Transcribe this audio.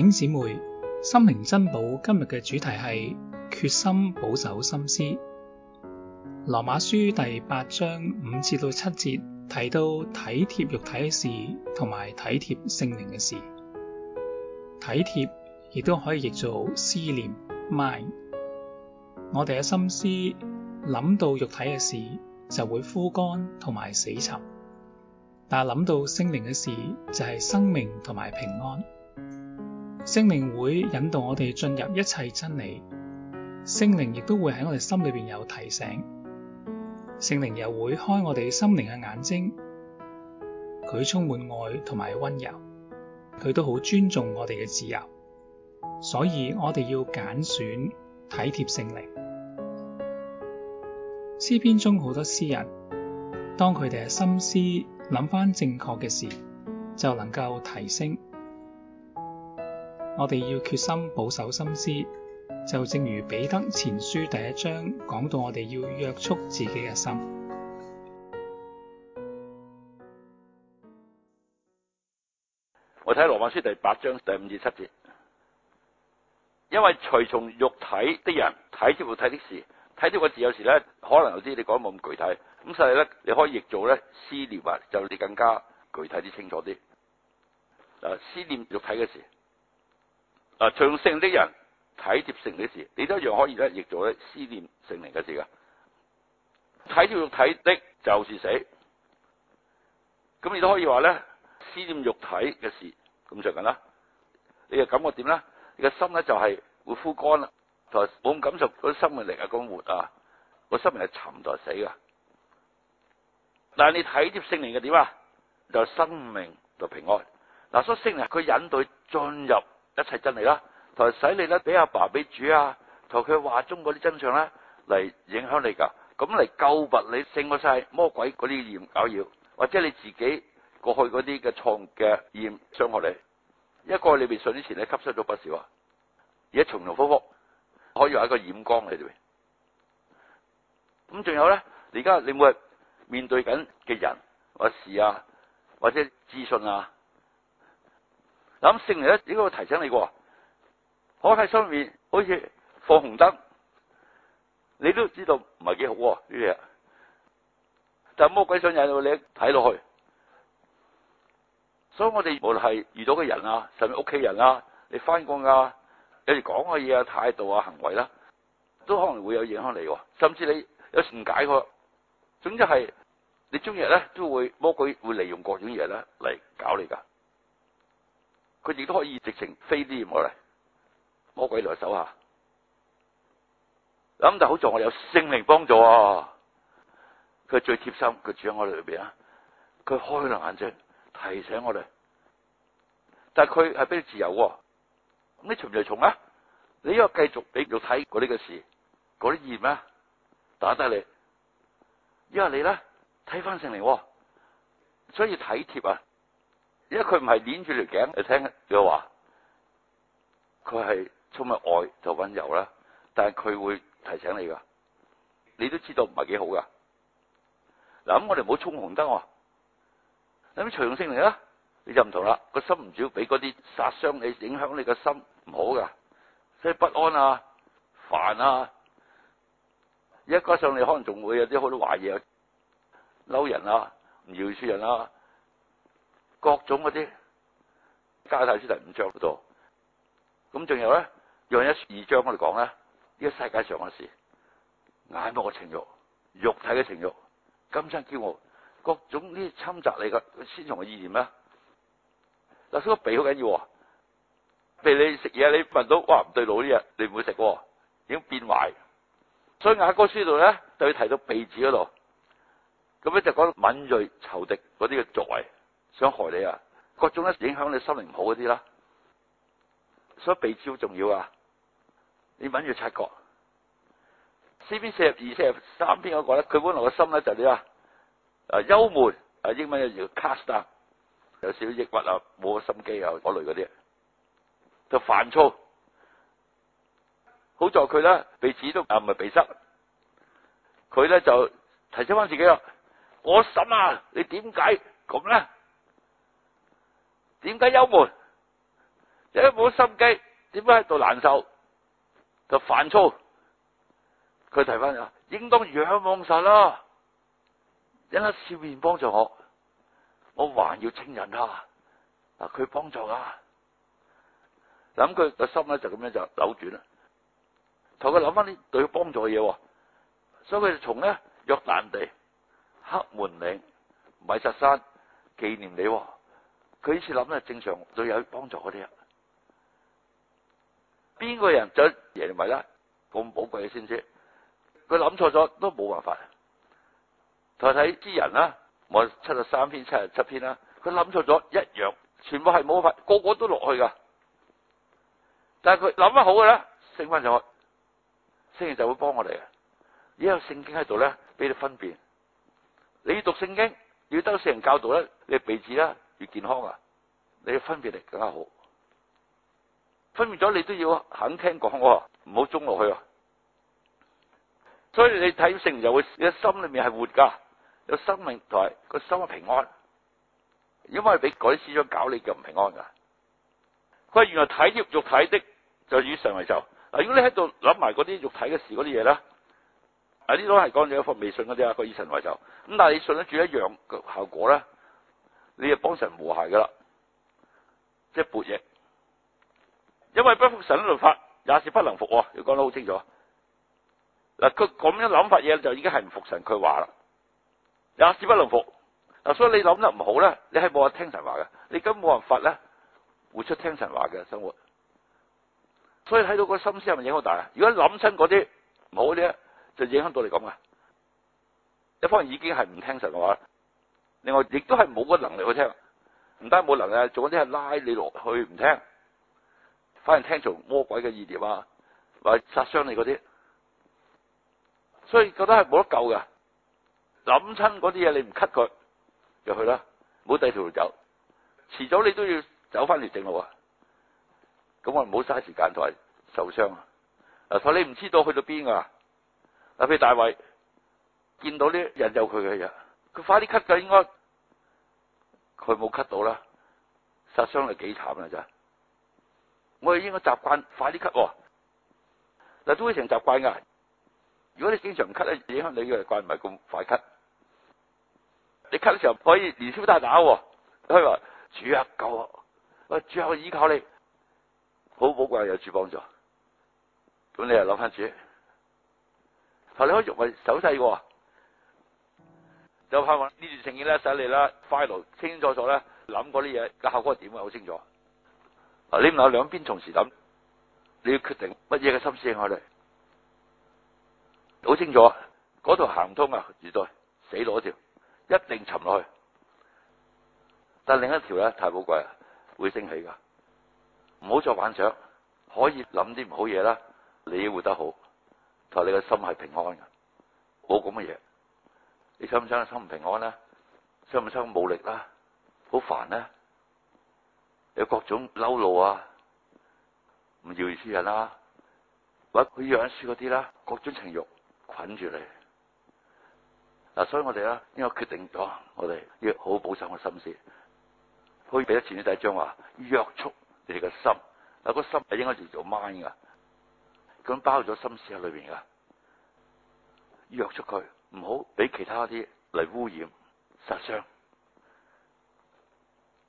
頂姊妹，心靈珍寶今日嘅主題係決心保守心思。羅馬書第八章五至到七節提到體貼肉體嘅事同埋體貼聖靈嘅事。體貼亦都可以譯做思念 mind。我哋嘅心思諗到肉體嘅事就會枯乾同埋死沉，但諗到聖靈嘅事就係生命同埋平安。聖靈會引導我哋進入一切真理，聖靈亦都會喺我哋心裏邊有提醒，聖靈又會開我哋心靈嘅眼睛，佢充滿愛同埋溫柔，佢都好尊重我哋嘅自由，所以我哋要揀選體貼聖靈。詩篇中好多詩人，當佢哋嘅心思諗翻正確嘅事，就能夠提升。我哋要決心保守心思，就正如彼得前書第一章講到，我哋要約束自己嘅心。我睇羅馬書第八章第五至七節，因為隨從肉體的人體貼肉體的事，體貼個字有時咧可能有啲你講冇咁具體，咁所以咧你可以譯做咧思念啊，就你更加具體啲清楚啲。思念肉體嘅事。啊！隨從聖靈的人體貼聖靈的事，你都一樣可以咧，亦做咧思念聖靈嘅事噶。體貼肉體的就是死，咁你都可以話咧，思念肉體嘅事咁就緊啦。你嘅感覺點咧？你嘅心咧就係會枯乾啦，冇感受、那個生命力啊，咁、那個、活啊，那個生命係沉在死噶。但係你體貼聖靈嘅點啊？就是、生命就平安嗱、啊。所以聖靈佢引導進入。一切真理啦，同埋使你咧俾阿爸俾主啊，同佢話中嗰啲真相咧嚟影響你噶，咁嚟救拔你勝過晒魔鬼嗰啲嚴搞擾，或者你自己過去嗰啲嘅創嘅染傷害你，一個你未信之前咧吸收咗不少啊，而家重重複複可以話一個染光嚟嘅，咁仲有咧，而家你會面對緊嘅人或者事啊，或者資訊啊。諗剩嚟咧，應該會提醒你喎。我喺上面好似放紅燈，你都知道唔係幾好喎呢啲嘢。就魔鬼想引到你睇落去，所以我哋無論係遇到嘅人啊，甚至屋企人啊，你翻工啊，有時講嘅嘢啊、態度啊、行為啦，都可能會有影響你的。甚至你有時唔解佢，總之係你中日咧都會魔鬼會利用各種嘢咧嚟搞你噶。佢亦都可以直情飛啲鹽我嚟，魔鬼嚟手下。咁就好在我有聖靈幫助啊，佢最貼心，佢住喺我哋裏邊啊，佢開亮眼睛提醒我哋。但係佢係俾你自由，咁你從唔從啊？你要為繼續俾佢睇嗰啲嘅事，嗰啲鹽啊，打低你。因為你咧睇翻聖靈喎，所以體貼啊。因為佢唔係黏住條頸嚟聽佢話，佢係充滿愛就温柔啦。但係佢會提醒你噶，你都知道唔係幾好噶。嗱，咁我哋唔好衝紅燈啊，咁隨從聖靈嚟啦，你就唔同啦，個心唔少俾嗰啲殺傷你、影響你個心唔好噶，即係不安啊、煩啊。一加上你可能仲會有啲好多懷疑啊、嬲人啊、唔饒恕人啊。各種嗰啲《加拉太書》第五章嗰度，咁仲有咧約一書二章我哋講咧，呢個世界上嘅事，眼目嘅情慾、肉體嘅情慾、今生驕傲，各種呢啲侵襲你嘅先從嘅意念啦。嗱，所以個鼻好緊要，譬如你食嘢你聞到哇唔對路啲嘢，你唔會食嘅，已經變壞。所以書呢《雅歌》書度咧對提到鼻子嗰度，咁咧就講到敏鋭、仇敵嗰啲嘅作為，想害你啊！各種咧影響你心靈唔好嗰啲啦，所以備招重要啊！你揾住察覺。詩篇四十二、四十三篇嗰個咧，佢本來個心咧就點啊？啊憂悶啊，英文有叫 cast 啊，有少抑鬱啊，冇個心機啊，嗰類嗰啲，就煩躁。好在佢咧備招都啊唔係鼻塞，佢咧就提醒翻自己咯。我心啊，你點解咁咧？點解憂悶？點解冇心機？點解喺度難受？就煩躁。佢提翻啊，應當仰望神啊，因他笑臉幫助我，我還要稱引他。嗱，佢幫助啊。嗱，咁佢個心咧就咁樣就扭轉啦。同佢諗翻啲對佢幫助嘅嘢，所以佢就從咧約旦地、黑門嶺、米薩山紀念你。佢呢次諗咧正常最有幫助嗰啲人，邊個人再贏埋啦？咁寶貴先知，佢諗錯咗都冇辦法。睇睇啲人啦，我七十三篇七十七篇啦，佢諗錯咗一樣，全部係冇辦法，個個都落去噶。但係佢諗得好嘅咧，升翻上去，聖人就會幫我哋。呢個聖經喺度咧，俾你分辨。你要讀聖經，要得聖人教導咧，你避字啦。越健康啊！你嘅分別力更加好，分別咗你都要肯聽講喎，唔好中落去。所以你睇聖靈就會，你嘅心裏面係活噶，有生命同埋個心係平安。如果係俾鬼思想搞你，就唔平安噶。佢話原來體貼肉體的就與神為仇，嗱，如果你喺度諗埋嗰啲肉體嘅事嗰啲嘢咧，啊，呢度係講咗一份微信嗰啲啊，個與神為仇。咁但係你信得住一樣嘅效果咧。你又幫神和諧噶啦，即係駁嘢，因為不服神律法也是不能服啊，你講得好清楚。嗱，佢咁樣諗法嘢就已經係唔服神佢話啦，也是不能服。嗱，所以你諗得唔好咧，你係冇人聽神話嘅，你根本冇辦法咧，活出聽神話嘅生活。所以睇到個心思係咪影響好大啊？如果諗親嗰啲唔好嘅，就影響到你咁啊。一方面已經係唔聽神嘅話。另外，亦都係冇個能力去聽，唔單係冇能力，仲有啲係拉你落去唔聽，反而聽從魔鬼嘅意念啊，或者殺傷你嗰啲，所以覺得係冇得救㗎。諗親嗰啲嘢，你唔咳佢就去啦，唔好第二條路走，遲早你都要走翻嚟正路啊。咁我唔好嘥時間同埋受傷啊！所以你唔知道去到邊啊？嗱，譬如大衛見到啲引誘佢嘅人。佢快啲咳嘅，應該佢冇咳到啦，殺傷力幾慘啦！真係，我哋應該習慣快啲咳。嗱，都要成習慣㗎。如果你經常咳，影響你嘅習慣唔係咁快咳。你咳嘅時候可以連消帶打，喎。佢話主啊，救啊！我主啊，依靠你，好寶貴，有主幫助。咁你又攞返主，但係你可以用個手勢喎。有呢段情義咧使你咧快樂清清楚楚咧諗嗰啲嘢嘅效果係點㗎？好清楚。啊，你唔係兩邊同時諗，你要決定乜嘢嘅心思向我哋。好清楚，嗰度行唔通啊！絕對死路一條，一定沉落去。但另一條咧太寶貴啊，會升起㗎。唔好再幻想，可以諗啲唔好嘢啦。你要活得好，同你嘅心係平安㗎。冇咁嘅嘢。你心唔心啊？心唔平安啦？心唔心冇力啦？好煩啦！有各種嬲怒啊，唔饒恕人啦，或者佢養尸嗰啲啦，各種情欲捆住你嗱，所以我哋咧應該決定咗，我哋要好好保守個心思，可以彼得前書第一章話約束你哋個心嗱，個心係應該叫做 mind 噶，咁包咗心思喺裏邊噶，約束佢。唔好俾其他啲嚟污染、殺傷。